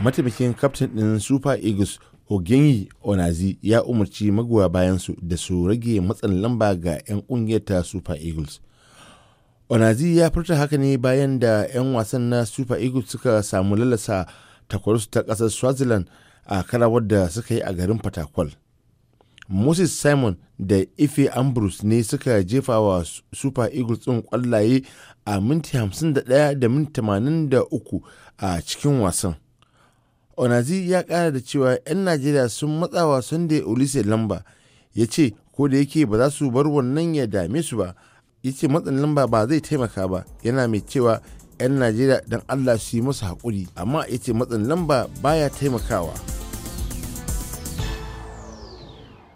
mataimakin kaftin ɗin super eagles ogenyi onazi ya umarci magoya bayansu da su rage matsan lamba ga 'yan ƙungiyar ta super eagles onazi ya furta haka ne bayan da 'yan wasan na super eagles suka samu lalasa takwarsu ta ƙasar swaziland a karawar da suka yi a garin fatakwal moses simon da ife ambrose ne suka jefa wa super eagles din kwallaye a minti 51 da minti 83 a cikin wasan onazi ya kara da cewa 'yan najeriya sun matsawa sunday olise lamba ya ce ko da yake ba za su bar wannan ya dame su ba ya ce matsin lamba ba zai taimaka ba yana mai cewa 'yan najeriya don allah su yi musu haƙuri amma ya ce matsin lamba baya taimakawa.